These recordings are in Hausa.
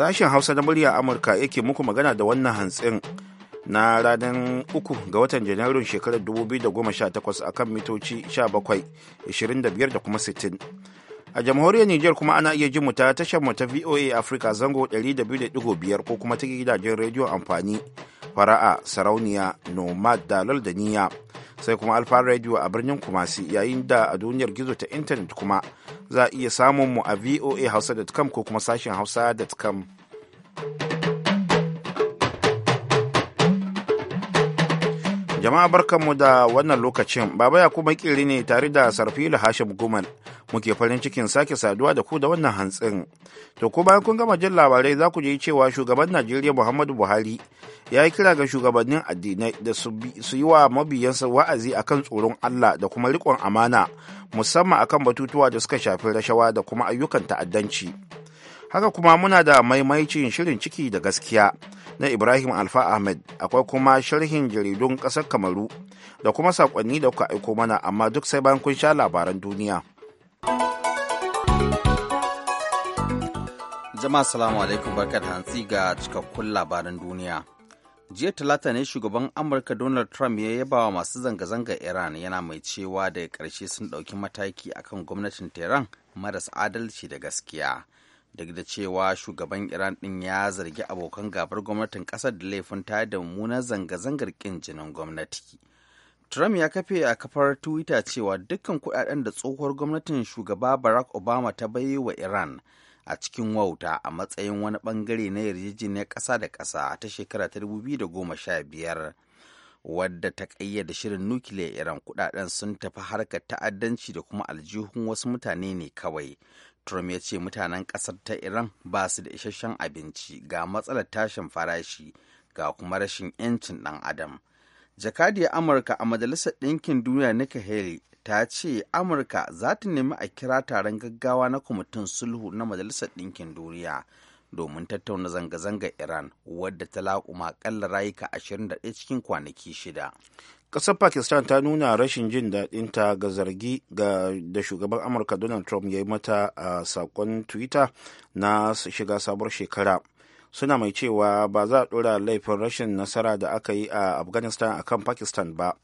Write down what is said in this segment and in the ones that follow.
Sashen Hausa na murya Amurka yake muku magana da wannan hantsin na ranar uku ga watan Janairun shekarar 2018 akan mitoci 17, 25 da kuma 60. A jamhuriyar Nijar kuma ana iya jin mu ta tashar mu ta VOA afirka zango 200.5 ko kuma ta gidajen rediyon amfani fara'a sarauniya nomad dalal da niyya sai kuma alfa radio a birnin kumasi yayin da a duniyar gizo ta intanet kuma za a iya samun mu a voa hausa.com ko kuma sashen hausa.com Jama'a barkanmu da wannan lokacin, Baba Yakubu makiri ne tare da Sarfilu Hashim Gumal muke farin cikin sake saduwa da ku da wannan hantsin. To ko bayan kun gama jin labarai za ku je cewa shugaban Najeriya Muhammadu Buhari ya yi kira ga shugabannin addinai da su yi wa mabiyansa wa'azi akan tsoron Allah da kuma riƙon amana musamman akan batutuwa da suka shafi rashawa da kuma ayyukan ta'addanci. haka kuma muna da maimaicin shirin ciki da gaskiya na ibrahim alfa ahmed akwai kuma sharhin jaridun ƙasar kamaru da kuma saƙonni da kuka aiko mana amma duk sai bayan kun sha labaran duniya jama'a salamu alaikum barkat hantsi ga cikakkun labaran duniya jiya talata ne shugaban amurka donald trump ya yaba wa masu zanga-zanga iran yana mai cewa daga ƙarshe sun ɗauki mataki akan gwamnatin tehran maras adalci da gaskiya duk da cewa shugaban iran din ya zargi abokan gabar gwamnatin kasar da laifin ta da mummunar zanga-zangar kin jinin gwamnati trump ya kafe a kafar twitter cewa dukkan kudaden da tsohuwar gwamnatin shugaba barack obama ta bai wa iran a cikin wauta a matsayin wani bangare na yarjejeniyar kasa da kasa ta shekara ta 2015 wadda ta kayyade shirin nukiliya iran kudaden sun tafi harkar ta'addanci da kuma aljihun wasu mutane ne kawai Trump ya ce mutanen ƙasar ta Iran ba su da isasshen abinci ga matsalar tashin farashi ga kuma rashin 'yancin ɗan adam. Jakadiyar Amurka a Majalisar Ɗinkin Duniya Nikki Haley ta ce Amurka za ta nemi a kira taron gaggawa na kwamitin sulhu na Majalisar Ɗinkin Duniya domin tattauna zanga-zangar Iran wadda ta laƙuma ƙalla rayuka 21 cikin kwanaki shida. kasar pakistan ta nuna rashin jin daɗinta ga zargi da shugaban amurka donald trump ya yi mata a sakon twitter na shiga sabuwar shekara suna mai cewa ba za a ɗora laifin rashin nasara da aka yi a afghanistan akan pakistan ba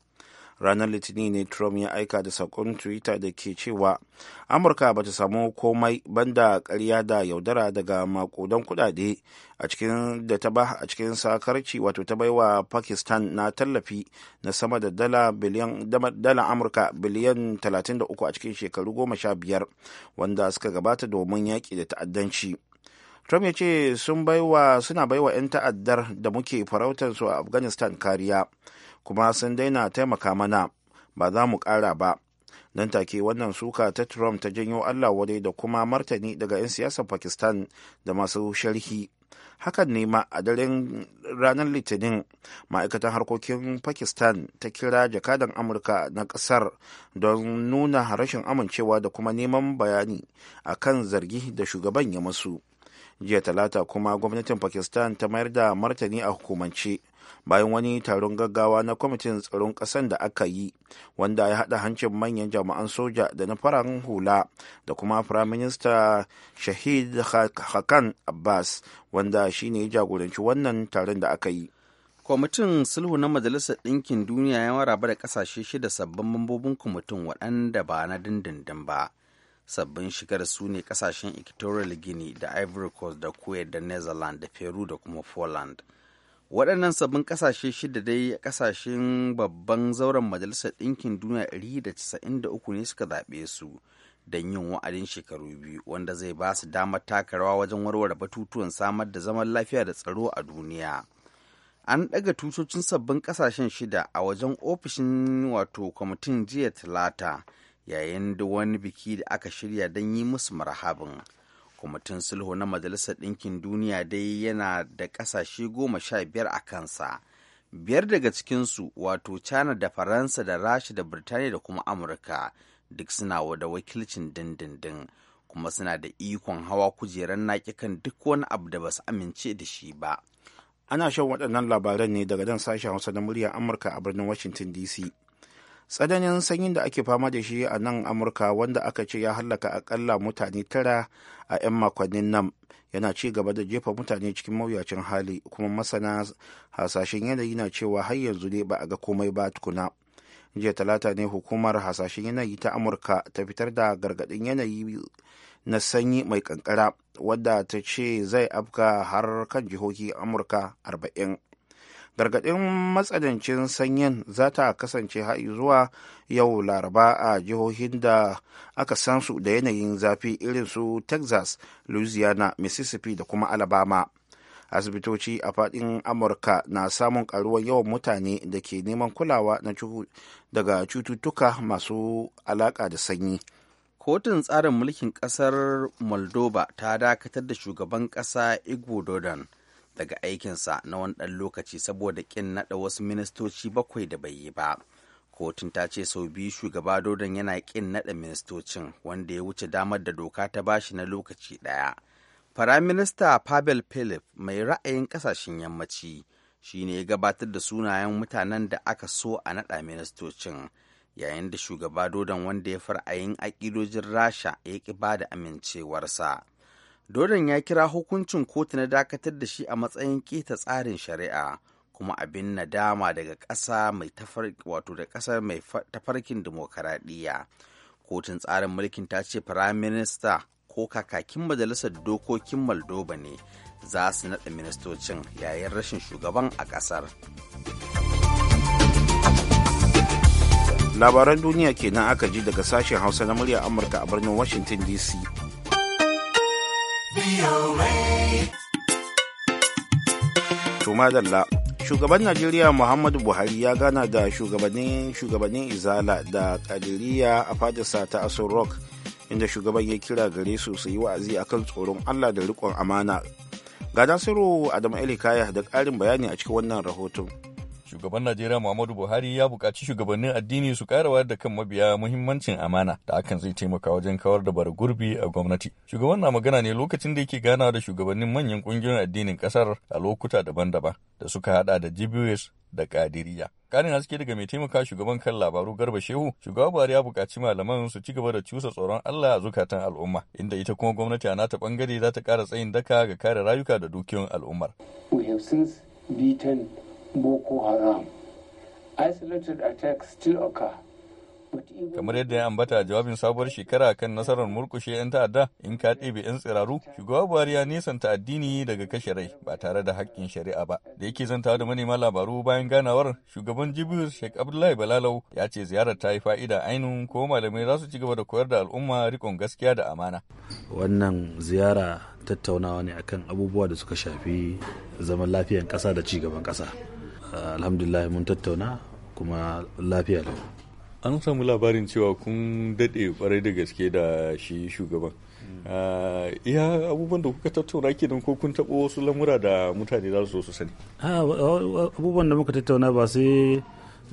ranar litini ne trump ya aika da saƙon twitter da ke cewa amurka ba ta samu komai banda karya da yaudara daga makudan kuɗaɗe a cikin da ta ba a cikin sakarci wato ta baiwa pakistan na tallafi na sama da dala biliyan amurka biliyan 33 a cikin shekaru goma sha biyar wanda suka gabata domin yaƙi da ta'addanci trump ya ce sun baiwa suna baiwa 'yan ta'addar da muke farautar su a afghanistan kariya kuma sun daina taimaka mana ba za mu ƙara ba nan take wannan suka ta trump ta janyo allah wadai da kuma martani daga 'yan siyasar pakistan da masu sharhi hakan ne ma a daren ranar litinin ma'aikatan harkokin pakistan ta kira jakadan amurka na kasar don nuna rashin amincewa da kuma neman bayani a kan zargi da shugaban ya masu jiya talata kuma gwamnatin pakistan ta mayar da martani a hukumance bayan wani taron gaggawa na kwamitin tsaron ƙasan da aka yi wanda ya haɗa hancin manyan jami'an soja da na fararen hula da kuma firaminista shahid hakan abbas wanda shine ya jagoranci wannan taron da aka yi kwamitin sulhu na majalisar ɗinkin duniya ya maraba da ƙasashe shida sabbin mambobin kwamitin waɗanda ba na dindindin ba sabbin shigar su ne kasashen equatorial guinea da ivory coast da kuwait da netherlands da peru da kuma poland waɗannan sabbin ƙasashe shida dai ƙasashen babban zauren majalisar ɗinkin duniya 193 ne suka zaɓe su don yin wa'adin shekaru biyu wanda zai ba su damar taka rawa wajen warware batutuwan samar da zaman lafiya da tsaro a duniya an ɗaga tutocin sabbin ƙasashen shida a wajen ofishin wato kwamitin jiya talata yayin da wani biki da aka shirya don yi musu marhabin. kwamitin sulhu na majalisar ɗinkin duniya dai yana da ƙasashe goma sha biyar a kansa biyar daga cikinsu wato china da faransa da rasha da birtaniya da kuma amurka duk suna da wakilcin dindindin kuma suna da ikon hawa kujeran naƙi kan duk wani abu da ba su amince da shi ba ana shan waɗannan labaran ne daga dan sashen hausa na muryar amurka a birnin washington dc tsananin sanyin da ake fama da shi a nan amurka wanda aka ce ya hallaka akalla mutane tara a 'yan makonnin nan yana ci gaba da jefa mutane cikin mawuyacin hali kuma masana hasashen yanayi na cewa har yanzu ne ba a ga komai ba tukuna jiya talata ne hukumar hasashen yanayi ta amurka ta fitar da gargaɗin yanayi na sanyi mai kankara wadda ta ce zai afka har kan jihohi amurka arba'in. gargaɗin matsanancin sanyin za ta kasance har zuwa yau laraba a jihohin da aka san su da yanayin zafi irin su texas louisiana mississippi da kuma alabama asibitoci a fadin amurka na samun ƙaruwar yawan mutane da ke neman kulawa na daga cututtuka masu alaka da sanyi kotun tsarin mulkin kasar moldova ta dakatar da shugaban kasa igbo dodon daga aikinsa na wani ɗan lokaci saboda ƙin naɗa wasu ministoci bakwai da bai yi ba. Kotun ta ce sau biyu shugaba Dodon yana ƙin naɗa ministocin wanda ya wuce damar da doka ta bashi na lokaci ɗaya. Firaminista Pavel Philip mai ra'ayin ƙasashen yammaci shi ne ya gabatar da sunayen mutanen da aka so a naɗa ministocin yayin da shugaba Dodon wanda ya ra'ayin aƙidojin Rasha ya ƙi ba da amincewarsa. dodon ya kira hukuncin kotu na dakatar da shi a matsayin keta tsarin shari'a kuma abin nadama daga ƙasa mai tafarkin dimokuraɗiyya. Kotun tsarin mulkin ta ce firaminista ko kakakin majalisar dokokin Moldova ne za su naɗa ministocin yayin rashin shugaban a ƙasar. Labaran duniya kenan aka ji daga sashen Hausa na murya Amurka a birnin Washington DC. VOA. Shugaban Najeriya Muhammadu Buhari ya gana da shugabannin shugabannin Izala da Kadiriya a fadarsa ta asun Rock inda shugaban ya kira gare su su yi wa'azi akan tsoron Allah da riƙon amana. Ga Nasiru Adamu Elikaya da ƙarin bayani a cikin wannan rahoton. shugaban Najeriya Muhammadu Buhari ya buƙaci shugabannin addini su ƙara wayar da kan mabiya muhimmancin amana da hakan zai taimaka wajen kawar da bara gurbi a gwamnati. Shugaban na magana ne lokacin da yake ganawa da shugabannin manyan ƙungiyoyin addinin ƙasar a lokuta daban-daban da suka haɗa da GBS da Kadiriya. Karin haske daga mai taimaka shugaban kan labaru Garba Shehu, shugaba Buhari ya buƙaci malaman su ci gaba da cusa tsoron Allah a zukatan al'umma, inda ita kuma gwamnati a nata bangare za ta ƙara tsayin daka ga kare rayuka da dukiyoyin al'ummar. Boko Haram. Isolated attacks still occur. kamar yadda ya ambata jawabin sabuwar shekara kan nasarar murkushe 'yan ta'adda in ka ɗebe 'yan tsiraru shugaba buhari ya nisanta addini daga kashe rai ba tare da haƙƙin shari'a ba da yake zanta da manema labaru bayan ganawar shugaban jibir sheikh abdullahi balalau ya ce ziyarar ta yi fa'ida ainihin ko malamai za su ci gaba da koyar da al'umma rikon gaskiya da amana wannan ziyara tattaunawa ne akan abubuwa da suka shafi zaman lafiyar ƙasa da ci gaban ƙasa Eh, alhamdulillah mun tattauna kuma lafiya lau an samu labarin cewa kun daɗe kwarai da gaske da shi shugaban eh, iya abubuwan da kuka tattauna kenan ko kun taɓo wasu lamura da mutane za su sani ah, abubuwan da muka tattauna ba sai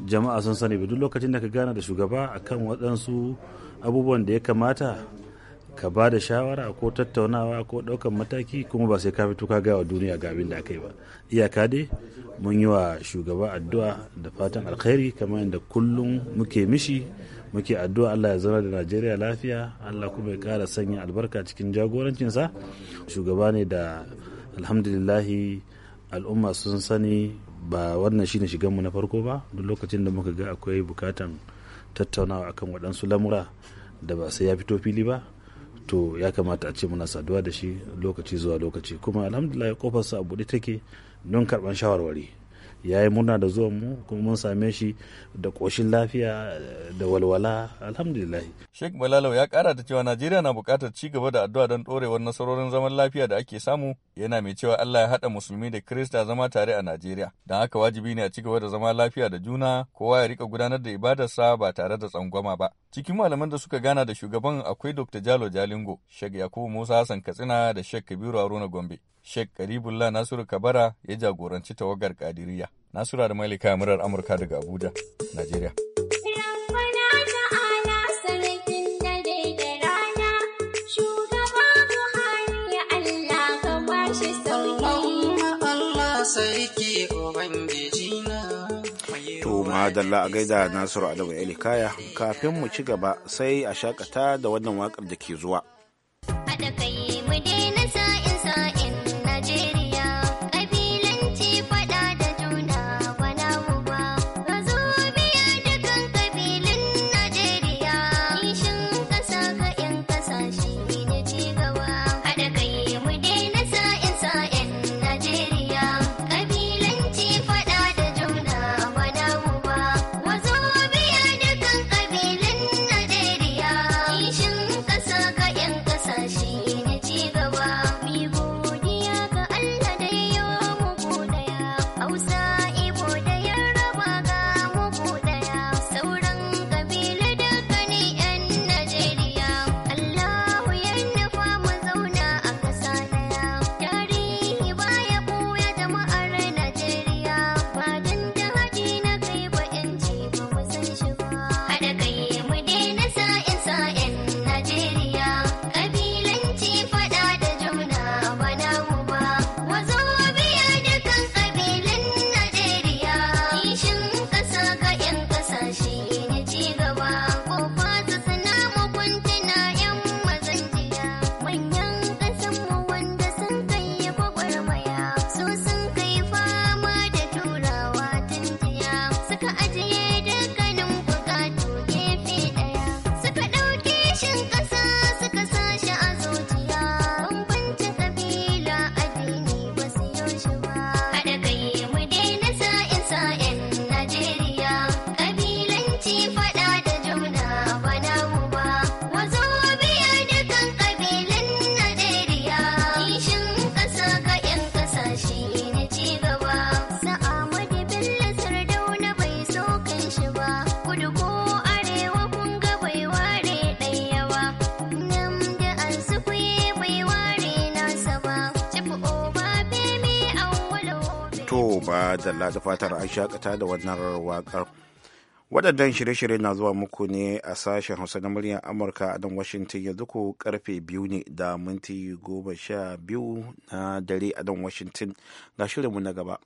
jama'a sun sani ba duk lokacin da ka gana da shugaba akan waɗansu abubuwan da ya kamata ka ba da shawara ko tattaunawa ko ɗaukan mataki kuma ba sai ka fito ka gaya wa duniya ga abin da aka yi ba iyaka dai mun yi wa shugaba addu'a da fatan alkhairi kamar yadda kullum muke mishi muke addu'a Allah ya zama da Najeriya lafiya Allah kuma ya kara sanya albarka cikin jagorancinsa shugaba ne da alhamdulillahi al'umma sun sani ba wannan shine shiganmu na farko ba duk lokacin da muka ga akwai bukatan tattaunawa akan waɗansu lamura da ba sai ya fito fili ba to ya kamata a ce muna saduwa da shi lokaci zuwa lokaci kuma alhamdulillah kofarsa a buɗe take don karɓar shawarwari ya yi murna da zuwan mu kuma mun same shi da ƙoshin lafiya da walwala alhamdulillah sheikh balalau ya ƙara da cewa najeriya na bukatar ci gaba da addu'a don ɗorewar nasarorin zaman lafiya da ake samu yana mai cewa Allah ya haɗa musulmi da Kirista zama tare a Najeriya. Don haka wajibi ne a ci gaba da zama lafiya da juna, kowa ya rika gudanar da ibadarsa ba tare da tsangwama ba. Cikin malaman da suka gana da shugaban akwai Dr. Jalo Jalingo, Sheikh Yakubu Musa Hassan Katsina da Sheikh Kabiru Haruna Gombe. Sheikh Karibullah Nasiru Kabara ya jagoranci tawagar Kadiriyya. Nasura da Malika Murar Amurka daga Abuja, Najeriya. madalla a gaida nasiru adamu elikaya kafin mu ci gaba sai a shakata da wannan wakar da ke zuwa Allah da fatar an shakata da wannan wakar waɗannan shirye-shirye na zuwa muku ne a sashen hausa na muryar amurka a nan washington yanzu ko karfe biyu ne da minti goma sha biyu na dare a nan washington ga shirinmu na gaba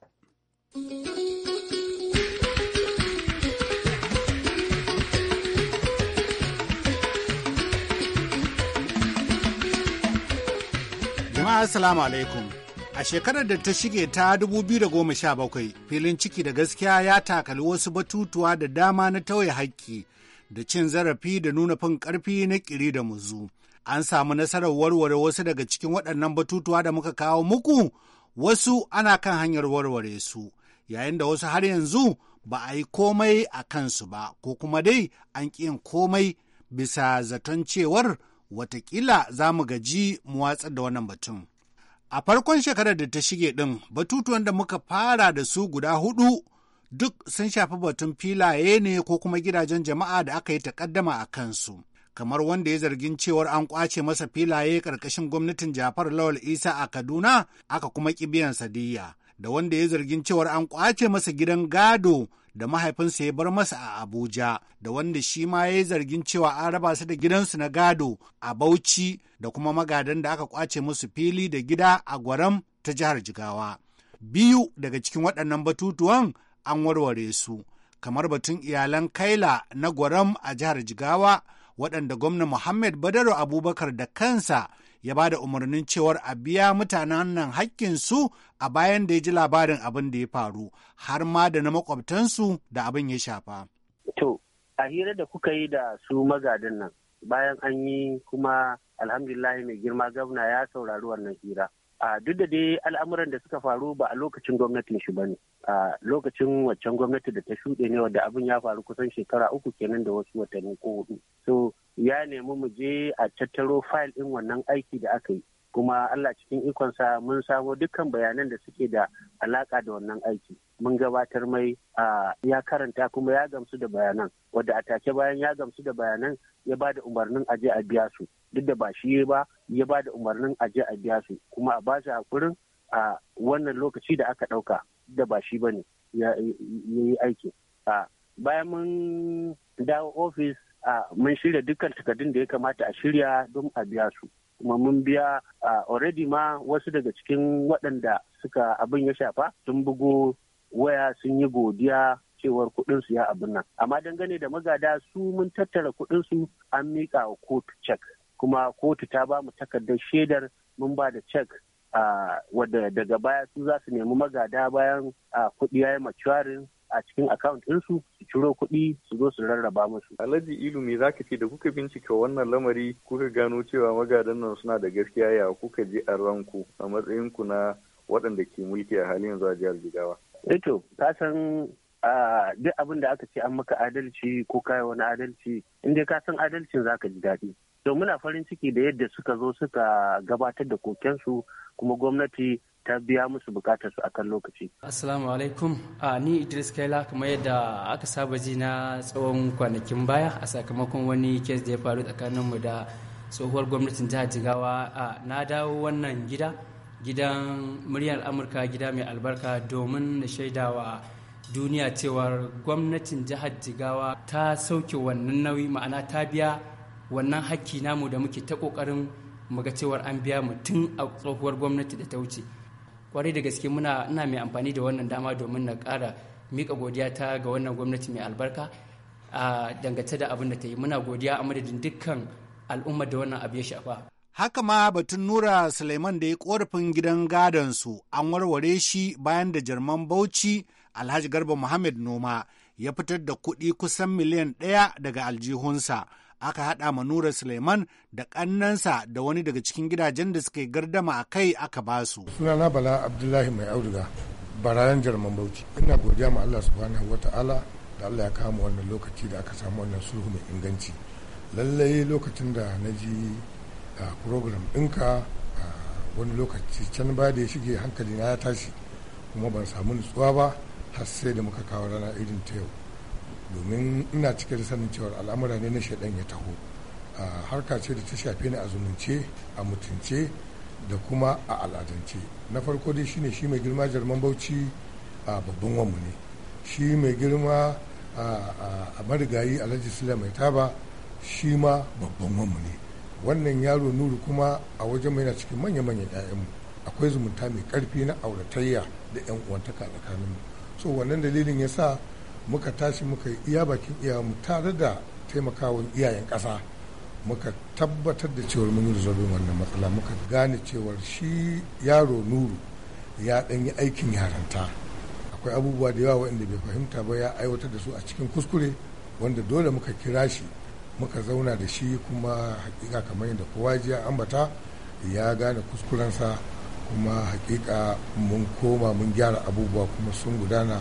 jama'a assalamu alaikum A shekarar da ta shige ta 2017 filin ciki da gaskiya ya takali wasu batutuwa da dama na tauye haƙƙi da cin zarafi da nuna fin ƙarfi na ƙiri da muzu. An samu nasarar warware wasu daga cikin waɗannan batutuwa da muka kawo muku wasu ana kan hanyar warware su yayin da wasu har yanzu ba a yi komai a kansu ba ko kuma dai an ƙi komai bisa zaton cewar watakila za mu gaji mu watsar da wannan batun. A farkon shekarar da ta shige ɗin, batutuwan da muka fara da su guda hudu duk sun shafi batun filaye ne ko kuma gidajen jama'a da aka yi takaddama a kansu. Kamar wanda ya zargin cewar an kwace masa filaye ƙarƙashin gwamnatin Jafar Lawal Isa a Kaduna, aka kuma ƙi biyan sadiyya. Da wanda ya zargin cewar an kwace masa gidan gado da mahaifinsa ya bar masa a Abuja da wanda shi ma ya yi zargin cewa an raba su da gidansu na gado a Bauchi da kuma magadan da aka kwace musu fili da gida a Gwaram ta jihar Jigawa. Biyu daga cikin waɗannan batutuwan an warware su, kamar batun iyalan Kaila na Gwaram a jihar Jigawa waɗanda gwamna Muhammad Badaru Abubakar da kansa ya ba da umarnin cewar a biya mutanen nan hakkinsu a bayan da ya ji labarin abin da ya faru har ma da na makwabtansu da abin ya shafa. To, a hira da kuka yi da su magadin nan bayan an yi kuma alhamdulillah mai girma gwamna ya saurari wannan hira. a duk da dai al'amuran da suka faru ba a lokacin gwamnatin shi bane a lokacin waccan gwamnati da ta shuɗe ne wadda abin ya faru kusan shekara uku kenan da wasu watanni ko hudu so ya nemi mu je a tattaro fayil ɗin wannan aiki da aka yi kuma Allah cikin ikonsa mun samo dukkan bayanan da suke da alaƙa da wannan aiki mun gabatar mai ya karanta kuma ya gamsu da bayanan wadda a take bayan ya gamsu da bayanan ya ba da umarnin aje a biya su duk da ba shi ba ya ba da umarnin aje a biya su kuma a ba shi hakurin a wannan lokaci da aka ɗauka da ba shi ba ne ya yi aiki bayan mun dawo ofis a mun shirya dukkan takardun da ya kamata a shirya don a biya su kuma mun biya already ma wasu daga cikin waɗanda suka abin ya shafa sun bugu waya sun yi godiya cewar kuɗin su ya abin nan amma dangane da magada su mun tattara kuɗin su an miƙa wa kotu cek kuma kotu ta ba mu takardar shaidar mun ba da cek wadda daga baya su za su nemi magada bayan kuɗi ya yi maturin a cikin account su su ciro kuɗi su zo su rarraba musu. Alhaji Ilu me zaka ce da kuka bincika wannan lamari kuka gano cewa magadan nan suna da gaskiya ya kuka ji a ranku a matsayin ku na waɗanda ke mulki a halin yanzu a jihar Jigawa. Eto, eh ka san duk abin da aka ce an maka adalci ko kai wani adalci in dai ka san adalcin zaka ji daɗi. To muna farin ciki da yadda suka zo suka gabatar da kokensu kuma gwamnati ta biya musu bukatar su akan lokaci. Assalamu alaikum. A ni Idris Kaila kamar yadda aka saba ji na tsawon kwanakin baya a sakamakon wani kes da ya faru tsakanin mu da tsohuwar gwamnatin jihar Jigawa na dawo wannan gida gidan muryar Amurka gida mai albarka domin na shaidawa duniya cewar gwamnatin jihar Jigawa ta sauke wannan nauyi ma'ana ta biya wannan hakki namu da muke ta kokarin muga cewar an biya mu tun a tsohuwar gwamnati da ta wuce kwarai da gaske muna ina mai amfani da wannan dama domin na kara mika godiya ta ga wannan gwamnati mai albarka a dangace da abin da ta yi muna godiya a madadin dukkan al'ummar da wannan abu ya shafa haka ma batun nura suleiman da ya korafin gidan gadon su an warware shi bayan da jarman bauchi alhaji garba muhammad noma ya fitar da kuɗi kusan miliyan ɗaya daga aljihunsa aka haɗa ma nura suleiman da ƙannansa da wani daga cikin gidajen da suka yi gardama a kai aka ba basu. sunana bala abdullahi mai auduga barayan jarman bauchi ina godiya ma allah subhanahu wata'ala da allah ya kama wannan lokaci da aka samu wannan sulhu mai inganci lallai lokacin da na ji program ɗinka wani lokaci can ba da ya shige hankali na ya tashi kuma ban samu nutsuwa ba har sai da muka kawo rana irin ta yau domin ina cike da sanin cewar al'amura ne na shaidan ya taho harka ce da ta shafe ni a zumunce a mutunce da kuma a al'adance na farko dai shine shi mai girma jarman bauchi a babban wanmu ne shi mai girma a marigayi alhaji mai taba shi ma babban wanmu ne wannan yaro nuru kuma a wajen mai na cikin manya-manyan 'ya'yanmu akwai zumunta mai karfi na auratayya da 'yan uwantaka tsakaninmu so wannan dalilin ya sa muka tashi muka yi iya bakin iya tare da taimakawa iyayen ƙasa muka tabbatar da cewar mun yi wannan matsala muka gane cewar shi yaro nuru ya ɗan yi aikin yaranta akwai abubuwa da yawa waɗanda bai fahimta ba ya aiwatar da su a cikin kuskure wanda dole muka kira shi muka zauna da shi kuma hakika kamar yadda kowa ji ambata ya gane kuskurensa kuma hakika mun koma mun gyara abubuwa kuma sun gudana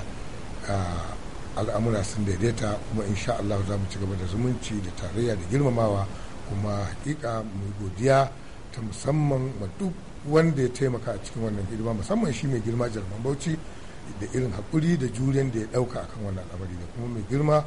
ah, al'amura sun daidaita kuma insha Allah za mu ci gaba da zumunci da tarayya da girmamawa kuma hakika mu godiya ta musamman ma duk wanda ya taimaka a cikin wannan hidima musamman shi mai girma jarman bauchi da irin hakuri da juriyan da ya ɗauka akan wannan al'amari da kuma mai girma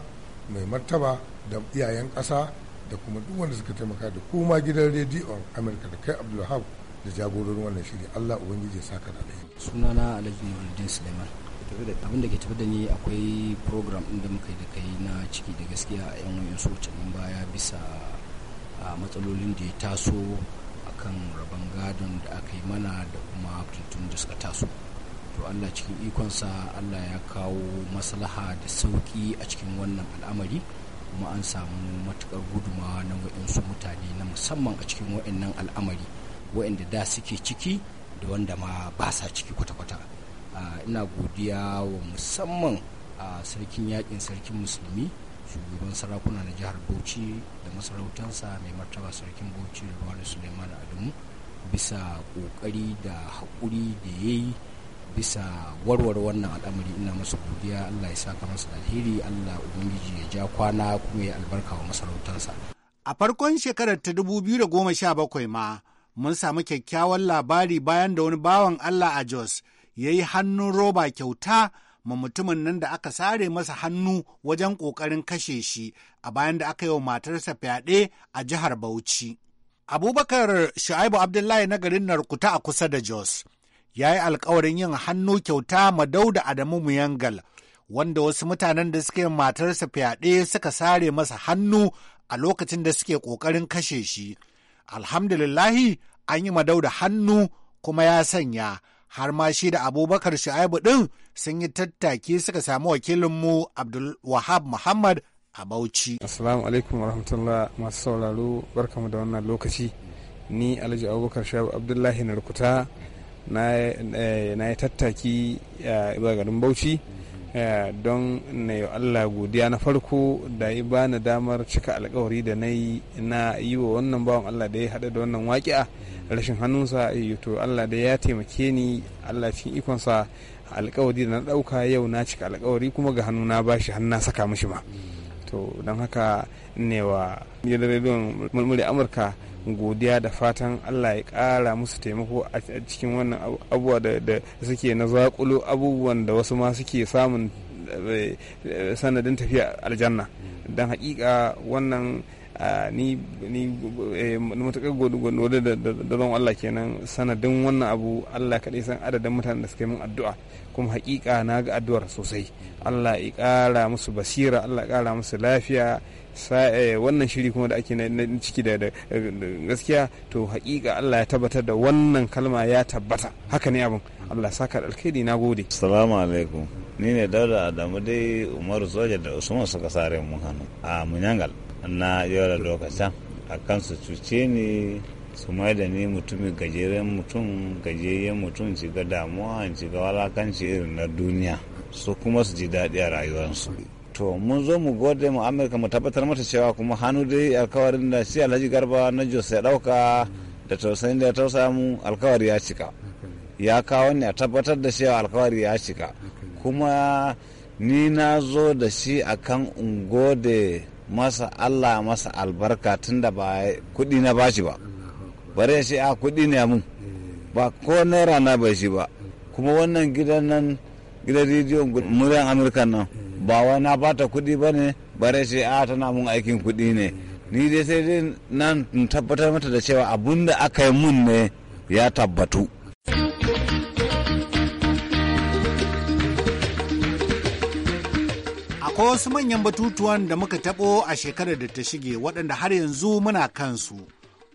mai martaba da iyayen kasa da kuma duk wanda suka taimaka da kuma gidan rediyo amurka da kai abdulhab da jagororin wannan shiri allah ubangiji ya saka da alheri sunana alhaji nuruddin suleiman tafi da abin da ke tafi da ni akwai program din da muka yi da kai na ciki da gaskiya a yan wayan nan baya bisa a matsalolin da ya taso akan rabon gadon da aka yi mana da kuma tuntun da suka taso to allah cikin ikonsa allah ya kawo maslaha da sauki a cikin wannan al'amari kuma an samu matukar guduma na wa'insu mutane na musamman a cikin wa'annan al'amari da da suke ciki da wanda ma ba sa ciki kwata-kwata ina godiya wa musamman a sarkin yakin sarkin musulmi shugaban sarakuna na jihar bauchi da masarautarsa mai martaba sarkin bauchi da ruwa suleiman adamu bisa kokari da haƙuri da ya yi bisa warware wannan al'amari ina masa godiya allah ya sa ka masa alheri allah ubangiji ya ja kwana kuma ya albarka wa masarautarsa a farkon shekarar ta 2017 ma mun samu kyakkyawan labari bayan da wani bawan allah a jos ya yi hannun roba kyauta ma mutumin nan da aka sare masa hannu wajen ƙoƙarin kashe shi a bayan da aka yi wa matarsa fyaɗe a jihar Bauchi. Abubakar Shu'aibu Abdullahi na garin Narkuta a kusa da Jos ya yi alkawarin yin hannu kyauta ma Dauda Adamu Muyangal wanda wasu mutanen da suke matarsa fyaɗe suka sare masa hannu a lokacin da suke ƙoƙarin kashe shi. Alhamdulillahi an yi ma Dauda hannu kuma ya sanya. har ma shi da abubakar shu'aibu ɗin sun yi tattaki suka samu wakilinmu abdul wahab muhammad a bauchi assalamu alaikum warahmatullah masu sauraro barkamu da wannan lokaci ni alhaji abubakar shu'aibu abdullahi narkuta na eh, yi tattaki eh, zuwa garin bauchi eh, don na yi allah godiya na farko da ya bani damar cika alkawari da na yi na yi wa wannan bawan allah da ya haɗa da wannan waƙi'a rashin hannunsa eh, to Allah da ya taimake ni Allah cikin ikonsa alkawari da na ɗauka yau na cika alkawari kuma ga hannu na bashi hannu na saka mishi ma to don haka ne wa rediyon mulmuli amurka godiya da fatan allah ya ƙara musu taimako a cikin wannan abubuwa da suke na zaƙulo abubuwan da wasu ma suke samun eh, sanadin tafiya aljanna don haƙiƙa wannan ni ni eh, matuƙar gudu-gudu da don Allah kenan sanadin wannan abu Allah kaɗai san adadin mutanen da suka yi min addu'a kuma haƙiƙa na ga addu'ar sosai Allah ya ƙara musu basira Allah ya ƙara musu lafiya eh, wannan shiri kuma da ake na ciki da gaskiya to haƙiƙa Allah ya tabbatar da wannan kalma ya tabbata haka ne abin Allah saka da alkhairi na gode assalamu alaikum ni ne dauda adamu dai umaru soja da usman suka sare mun hannu a munyangal na yau da lokacin akan su cuce ni su mai da ni mutumin gajeren mutum gajeren mutum shiga damuwa shiga walakanci irin na duniya su kuma su ji daɗi a rayuwarsu to mun zo mu gode mu amurka mu tabbatar mata cewa kuma hannu dai alkawarin da shi alhaji garba na jos ya ɗauka da tausayin da ya tausa mu alkawari ya cika ya kawo ni a tabbatar da cewa alkawari ya cika kuma ni na zo da shi akan ungode masa Allah masa albarka tun da ba kuɗi na shi ba bare shi a ah, kuɗi ne mun ba ko naira na bai shi ba kuma wannan gidan nan gidan rediyon muryan amurka nan ba wai na bata kuɗi ba ne bare shi a ah, tana mun aikin kuɗi ne ni dai sai dai nan tabbatar mata da cewa abun da aka yi mun ne ya tabbatu akwai wasu manyan batutuwan da muka taɓo a shekarar da ta shige waɗanda har yanzu muna kansu.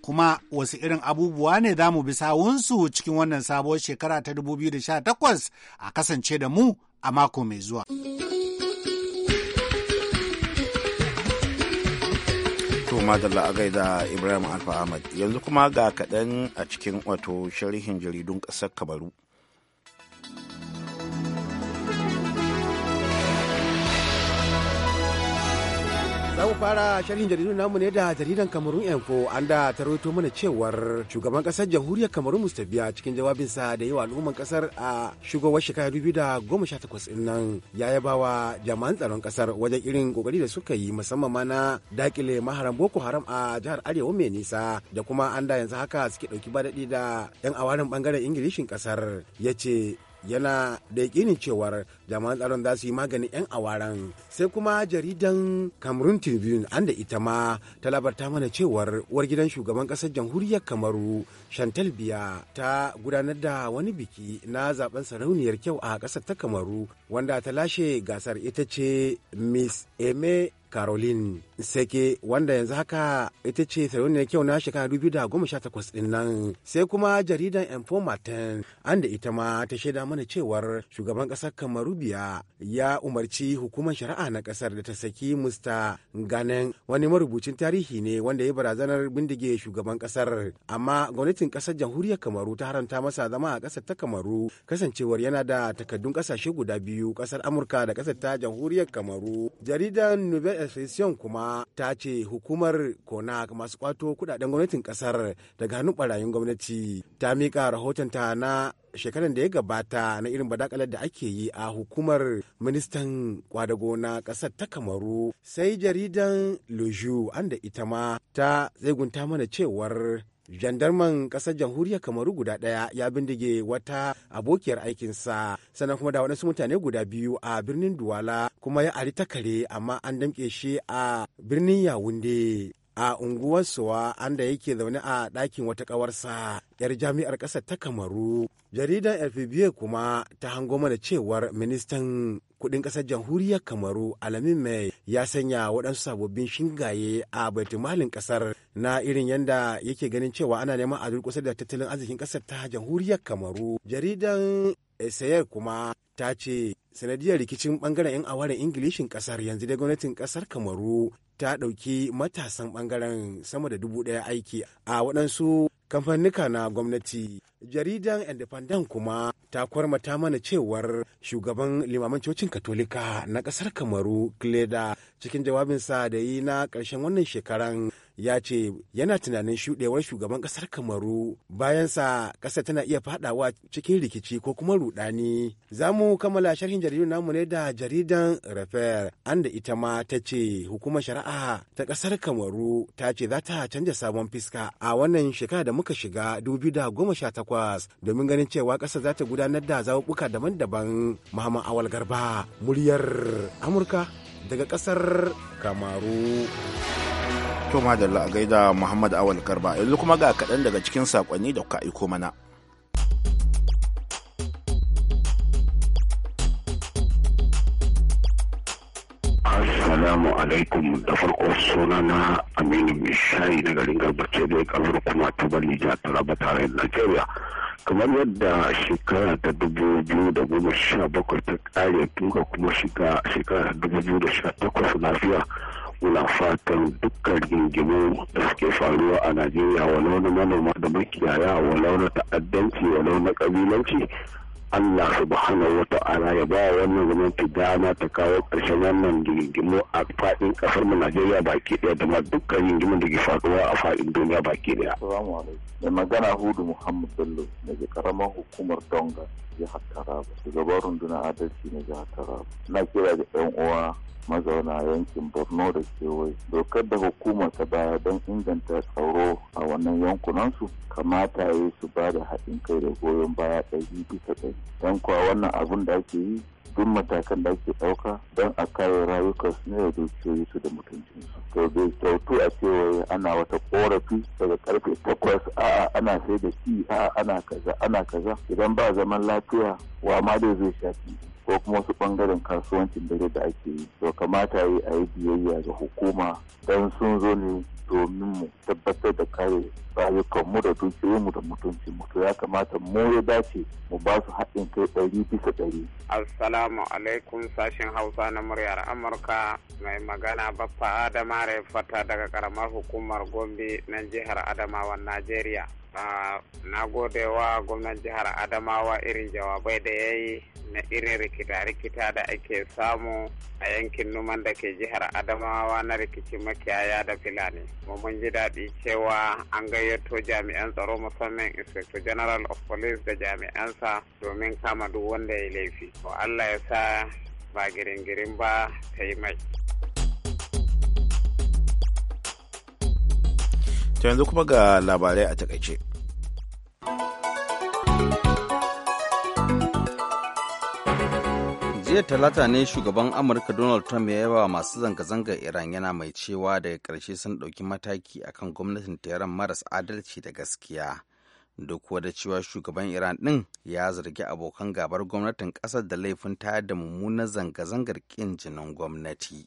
Kuma wasu irin abubuwa ne za mu bi sawunsu cikin wannan sabuwar shekara ta 2018 a kasance da mu a mako mai zuwa. madalla a gaida Ibrahim Alfa Ahmad yanzu kuma ga kaɗan a cikin wato sharihin jaridun ƙasar Kabaru. Za mu fara sharhin jaridun namu ne da jaridan Kamarun Enfo an da ta rawaito mana cewar shugaban kasar jamhuriyar Kamarun Mustabiya cikin jawabinsa da yawa al'umman kasar a shugowar shekara dubu da goma sha takwas ɗin nan ya yaba wa jami'an tsaron kasar wajen irin kokari da suka yi musamman ma na dakile maharan Boko Haram a jihar Arewa mai nisa da kuma an da yanzu haka suke ɗauki badadi da 'yan awarin bangaren Ingilishin kasar ya ce yana da yakinin cewar jami'an tsaron za su yi maganin 'yan awaran sai kuma jaridan cameroon tribune an da ita ma ta labarta mana cewar uwar gidan shugaban kasar jamhuriyar kamaru chantal biya ta gudanar da wani biki na zaben sarauniyar kyau a kasar ta kamaru wanda ta lashe gasar ita ce miss eme caroline seke wanda yanzu haka ita ce ne kyau na shekara 2018 din nan sai kuma jaridan informatin an da ita ma ta shaida mana cewar shugaban kasar kamaru biya ya umarci hukumar shari'a na kasar da ta saki mr ganen wani marubucin tarihi ne wanda ya barazanar bindige shugaban kasar amma gwamnatin kasar jamhuriyar kamaru ta haramta masa zama a kasar ta kamaru kasancewar yana da takaddun kasashe guda biyu kasar amurka da kasar ta jamhuriyar kamaru jaridan nouvelle efesiyon kuma ta ce hukumar kona masu kwato kudaden gwamnatin kasar daga hannun barayin gwamnati ta mika rahotonta na shekaran da ya gabata na irin badakalar da ake yi a hukumar ministan kwadago na kasar ta kamaru sai jaridan lujo an da ita ma ta tsegunta mana cewar jandarman kasar jamhuriyar kamaru guda ɗaya ya bindige wata abokiyar aikinsa sannan kuma da waɗansu mutane guda biyu a birnin duwala kuma ya ari ta kare amma an damƙe shi a birnin yawunde a unguwar suwa anda yake zaune a ɗakin wata ƙawarsa yar jami'ar ƙasar ta kamaru jaridar fba kuma ta hango mana cewar ministan kudin kasar jamhuriyar kamaru alamin mai ya sanya waɗansu sababbin shingaye a baitulmalin kasar na irin yadda yake ganin cewa ana neman a kusa da tattalin arzikin kasar ta jamhuriyar kamaru jaridan sayar kuma ta ce sanadiyar rikicin bangaren 'yan awarin ingilishin kasar yanzu da gwamnatin kasar kamaru ta ɗauki matasan bangaren sama da dubu ɗaya aiki a waɗansu kamfanika na gwamnati jaridan independent kuma ta kwarmata mana cewar shugaban limaman cocin katolika na kasar kamaru kleda cikin jawabinsa da yi na ƙarshen wannan shekaran ya ce yana tunanin shuɗewar shugaban ƙasar kamaru bayansa ƙasa tana iya faɗawa cikin rikici ko kuma rudani za mu kammala sharhin jaridun namu ne da jaridan rafael an da ita ma ta ce hukumar shari'a ta ƙasar kamaru ta ce za ta canja sabon fiska a wannan shekara da muka shiga da goma sha takwas domin ganin cewa ƙasa za ta gudanar da zaɓuɓɓuka daban-daban muhammad awal garba muryar amurka daga ƙasar kamaru. to da a gaida muhammad awal karba yanzu kuma ga kaɗan daga cikin saƙonni da kuka aiko mana Assalamu alaikum da farko suna na Aminu Mishayi na garin Garbace da ya kamar kuma ta bali ja taraba tarayyar Najeriya. Kamar yadda shekara ta dubu biyu da goma sha bakwai ta kare tuka kuma shekara ta dubu biyu da sha takwas lafiya. muna fatan dukkan gingimu da suke faruwa a najeriya walau na manoma da makiyaya walau na ta'addanci walau na kabilanci allah subhanahu wa ta'ala ya ba wannan gwamnati dama ta kawo ƙarshen wannan gingimu a faɗin ƙasar mu najeriya baki ɗaya da ma dukkan gingimin da ke faruwa a faɗin duniya baki ɗaya. salamu alaikum magana hudu muhammad bello daga karamar hukumar donga jihar Taraba shugaban rundunar adalci na jihar Taraba na kira da yan uwa mazauna yankin Borno da kewaye dokar da hukumar ta baya don inganta tsaro a wannan yankunan su kamata ya su ba da haɗin kai da goyon baya ɗari bisa ɗari don kuwa wannan abun da ake yi duk matakan da ake ɗauka don a kare su ne da su da su. To bai kyautu a cewa ana wata korafi daga karfe takwas a'a ana sai da shi a'a ana kaza ana kaza idan ba zaman lafiya wa ma dai zai shafi ko kuma wasu bangaren kasuwancin dare da ake yi to kamata yi a yi biyayya ga hukuma don sun zo ne domin mu tabbatar da kare rayukanmu da mu da mu to ya kamata mu ya dace mu ba su haɗin kai ɗari bisa ɗari. assalamu alaikum sashen hausa na muryar amurka mai magana baffa adama fata daga karamar hukumar gombe na jihar adamawan najeriya na gode wa gwamnan jihar adamawa irin jawabai da ya yi na irin rikita-rikita da ake samu a yankin numan da ke jihar adamawa na rikicin makiyaya da filani mun ji daɗi cewa an gayyato jami'an tsaro musamman inspector general of police da jami'ansa domin kama duk wanda ya laifi to allah ya sa ba girin-girin ba ta yi mai To yanzu kuma ga labarai a takaice. jiya talata ne shugaban amurka donald trump ya yaba masu zanga-zangar iran yana mai cewa daga ƙarshe sun ɗauki mataki akan gwamnatin tehran maras adalci da gaskiya duk da cewa shugaban iran ɗin ya zargi abokan gabar gwamnatin ƙasar da laifin tayar da mummunar zanga-zangar ƙin jinin gwamnati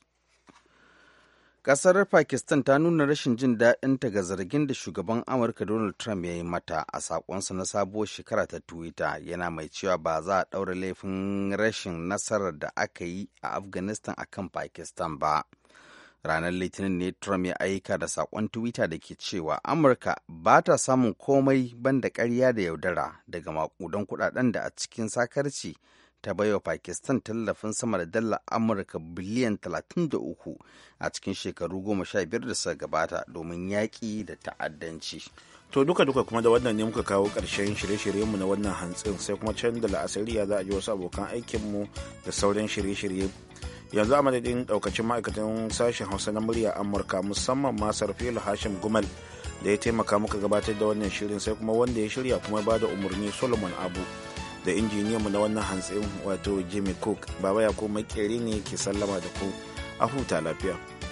Ƙasar Pakistan ta nuna rashin jin daɗinta ga zargin da shugaban Amurka Donald Trump ya yi mata a saƙonsa na sabuwar shekara ta Twitter yana mai cewa ba za a ɗaura laifin rashin nasarar da aka yi a Afghanistan akan Pakistan ba. ranar litinin ne trump ya aika da saƙon twitter da ke cewa amurka ba ta samun komai banda ƙarya da yaudara daga makudan kuɗaɗen da a cikin sakarci ta baiwa Pakistan tallafin sama da dala Amurka biliyan 33 a cikin shekaru goma sha biyar da suka gabata domin yaƙi da ta'addanci. To duka duka kuma da wannan ne muka kawo ƙarshen shirye-shiryenmu na wannan hantsin sai kuma can da la'asariya za a ji wasu abokan aikinmu da sauran shirye-shirye. Yanzu a madadin ɗaukacin ma'aikatan sashen Hausa na murya Amurka musamman ma Sarfilu Hashim Gumal da ya taimaka muka gabatar da wannan shirin sai kuma wanda ya shirya kuma ba da umarni Solomon Abu. da injiniyan mu na wannan hantsin wato jimmy cook baba ya kuma kere ne ke sallama da ku a huta lafiya